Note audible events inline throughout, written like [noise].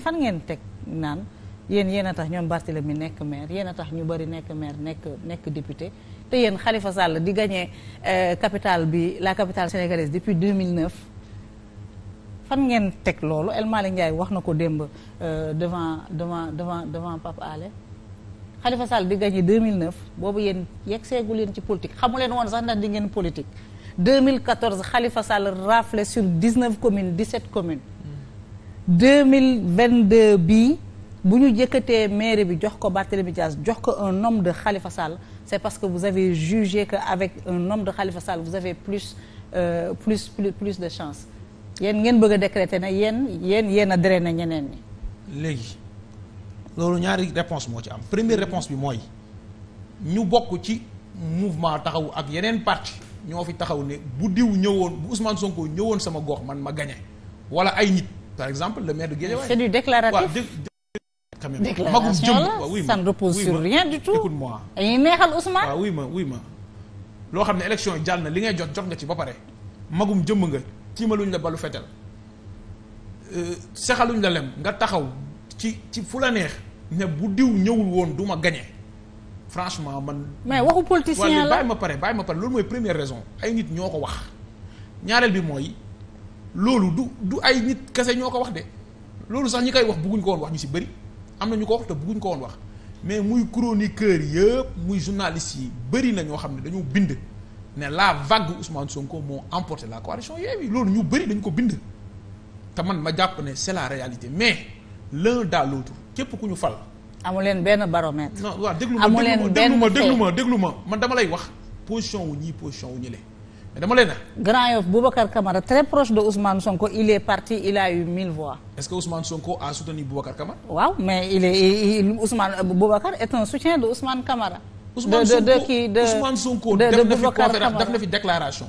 fan ngeen teg naan yéen yéen a tax ñoom Barthélemy nekk maire yéen a tax ñu bari nekk maire nekk nekk député te yéen Khalifa Sall di gagné euh, capital bi la capitale sénégalaise depuis 2009 fan ngeen teg loolu El Malick wax na ko démb euh, devant devant devant devant Pape Alé Khalifa Sall di gagné 2009 boobu yéen yegg seegu leen ci politique xamu leen woon sax ndax di ngeen politique 2014 Khalifa Sall raflé sur 19 communes 17 communes deux mille vingt deux bii bu ñu jëkkatee maire bi jox ko Barthélémy jox ko un homme de Khalifa Sall c'est parce que vous avez jugé que avec un homme de Khalifa Sall vous avez plus euh, plus plus de chance yéen ngeen bëgg a décréter na yenn yéen yéen a drainer ñeneen ñi. léegi loolu ñaari réponse moo ci am première réponse bi mooy ñu bokk ci mouvement taxawu ak yeneen parti ñoo fi taxaw ne bu diw ñëwoon bu Ousmane Sonko ñëwoon sama gox man ma gañe wala ay nit. par exemple le maire de Guédiawaye. c'est du déclaratif quand même magum jëm oui ça ne repose oui, sur rien du tout écoute-moi dañuy neexal Ousmane. waaw oui ma oui ma loo xam ne élection yi jàll na li ngay jot jot nga ci ba pare magum jëmm nga tiimaluñ la balu fetel euh, sexaluñ la lem nga taxaw ci ci fu la neex ne bu diw ñëwul woon du ma gañe franchement man. mais waxu politicien la bàyyi ma pare bàyyi ma pare loolu mooy première raison ay nit ñoo ko wax ñaareel bi mooy. loolu du du ay nit kese ñoo ko wax de loolu sax ñi koy wax bëgguñ ko woon wax ñu si bëri am na ñu ko wax te bëgguñ ko woon wax mais muy chroniqueur yëpp muy journaliste yi bëri na ñoo xam ne dañoo bind ne la vague Ousmane Sonko moo emporté la coalition Yewwi loolu ñu bëri dañu ko bind te man ma jàpp ne c'est la réalité mais l'un daal l'autre képp ku ñu fal. amu leen benn baromètre. non waaw déglu ma déglu ma déglu ma déglu ma man dama lay wax position wu ñii position wu ñële. dama leen Grand Yoff Boubacar Camara très proche de Ousmane Sonko il est parti il a eu mille voix. est-ce que Ousmane Sonko a soutenu Boubacar Camara. waaw mais il est il, Ousmane eh, Boubacar est un soutien de Ousmane Camara. Ousmane de, de, de, Sonko def na fi conférence def na fi déclaration.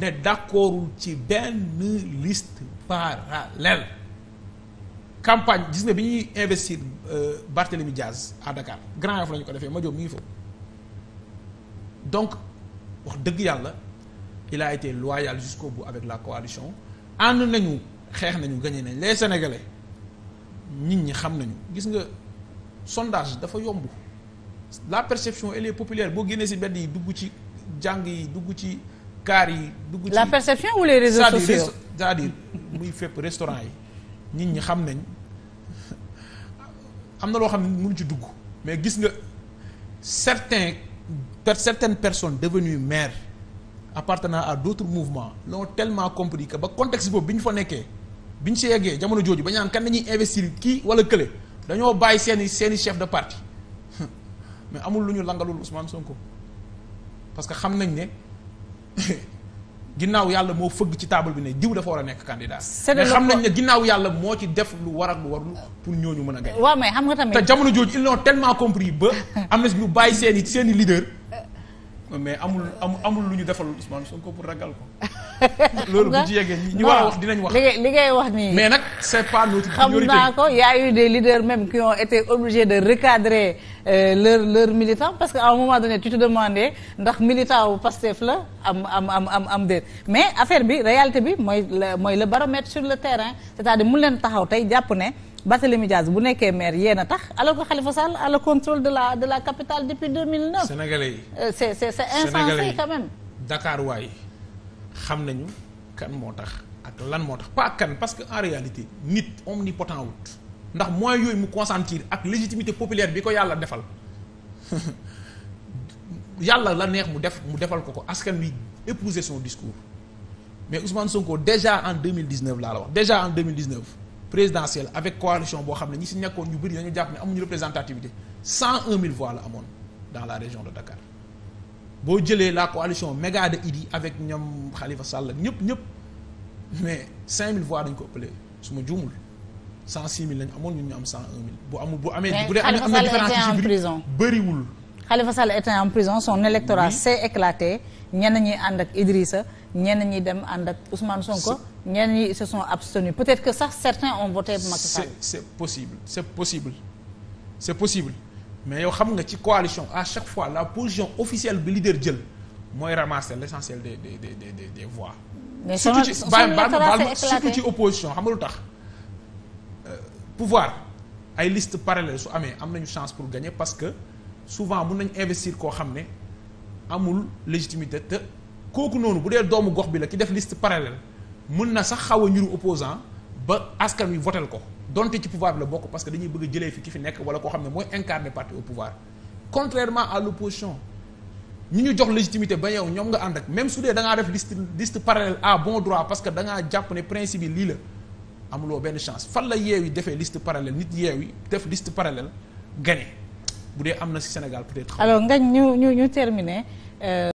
ne d'accordul ci benn liste parallèle. campagne gis bi ñuy investir euh, Barthélemy Diaz à Dakar Grand Yoff la ko defee ma jóg mi ngi donc wax dëgg yàlla. il a été loyal jusqu'au bout avec la coalition ànd nañu xeex nañu gagné nañ les sénégalais nit ñi xam nañu gis nga sondage dafa yomb la perception elle est populaire boo génnee si mbedd yi dugg ci jàng yi dugg ci kaar yi dugg ci la perception ou les réseaux sociaux muy fépp restaurant yi nit ñi xam nañ am na loo xam ne mënu ci dugg mais gis nga certains certaines personnes devenues maires appartenant à d'autres mouvements loo tellement compris que ba contexte boobu bi ñu fa nekkee bi ñu si yeggee jamono jooju ba ñu naan kan nañuy investir kii wala kële dañoo bàyyi seeni seeni chef de parti [laughs] mais amul lu ñu langalul Ousmane Sonko parce que xam nañ ne [laughs] ginnaaw yàlla moo fëgg ci table bi ne diw dafa war a nekk candidat. mais xam nañ ne ginnaaw yàlla moo ci def lu war ak lu war pour ñu mën a gañ. waaw mais xam nga tamit. te jamono jooju ils tellement compris ba [laughs] am na ñu bàyyi seeni seeni leader. mais amul amul lu ñu defal Ousmane Sonko pour ragal ko. [laughs] loolu bu ci yeggee ñu war wax dinañ wax. li ngay wax nii. mais nag c'est pas notre priorité. xam naa ko y a eu des leaders même qui ont été obligés de recadrer euh, leur leur militant parce que à un moment donné tu te demandais ndax militant wu Pastef la am am am am am déet mais affaire bi réalité bi mooy mooy le baromètre sur le terrain c'est-à-dire mu leen taxaw tey jàpp ne. Barthélémy Diaz bu nekkee maire yéen a tax alors que Khalifa Sall a le contrôle de la de la capitale depuis 2009. Sénégalais yi euh, c'est c'est c'est insensé quand même. Dakar waay xam nañu kan moo tax ak lan moo tax pas kan parce que en réalité nit omnipotent wut ndax moyens yooyu mu consentir ak légitimité populaire bi ko yàlla defal [laughs] yàlla la neex mu def mu defal ko ko askan wi épouser son discours mais Ousmane Sonko déjà en laa la wax déjà présidentielle avec coalition boo xam ne ñi si nekkoon ñu bëri dañu jàpp ne amuñu représentativité cent un mille voix la amoon dans la région de Dakar boo jëlee la coalition méga de Idi avec ñoom Khalifa Sall ñëpp ñëpp mais cinq mille voix dañ ko ëppalee su ma juumul cent six mille lañ amoon ñun ñu am cent un mille bu amul bu amee bu dee am na différence ci biir bëriwul Khalifa Sall était en prison son électorat s'est éclaté ñenn ñi ànd ak Idrissa ñenn ñi dem ànd ak Ousmane Sonko. ñenn ñi se sont abstenus peut-être que sax certains ont voté Macky Sall. c'est possible c'est possible c'est possible mais yow xam nga ci coalition à chaque fois la position officielle bi leader jël mooy ramasser l'essentiel de des des des des voix. mais surtout ci surtout ci opposition xam nga lu tax euh, pouvoir ay liste parallèle su amee am nañu chance pour gagner parce que souvent mun nañu investir koo xam ne amul légitimité te. kooku noonu bu dee doomu gox bi la ki def liste parallèle mën na sax xaw a ñuru opposant ba askan wi votel ko donte ci pouvoir bi la bokk parce que dañuy bëgg jëlee fi ki fi nekk wala koo xam ne mooy incarner parti au pouvoir contrairement à l'opposition ñu ñu jox légitimité ba yow ñoom nga ànd ak même su dee da def liste liste parallèle à bon droit parce que danga jàpp ne principe yi lii la amuloo benn chance fan la yeew yi defee liste parallèle nit yeew yi def liste parallèle dee am na ci Sénégal peut-être. alors nga ñu ñu ñu terminer. Euh,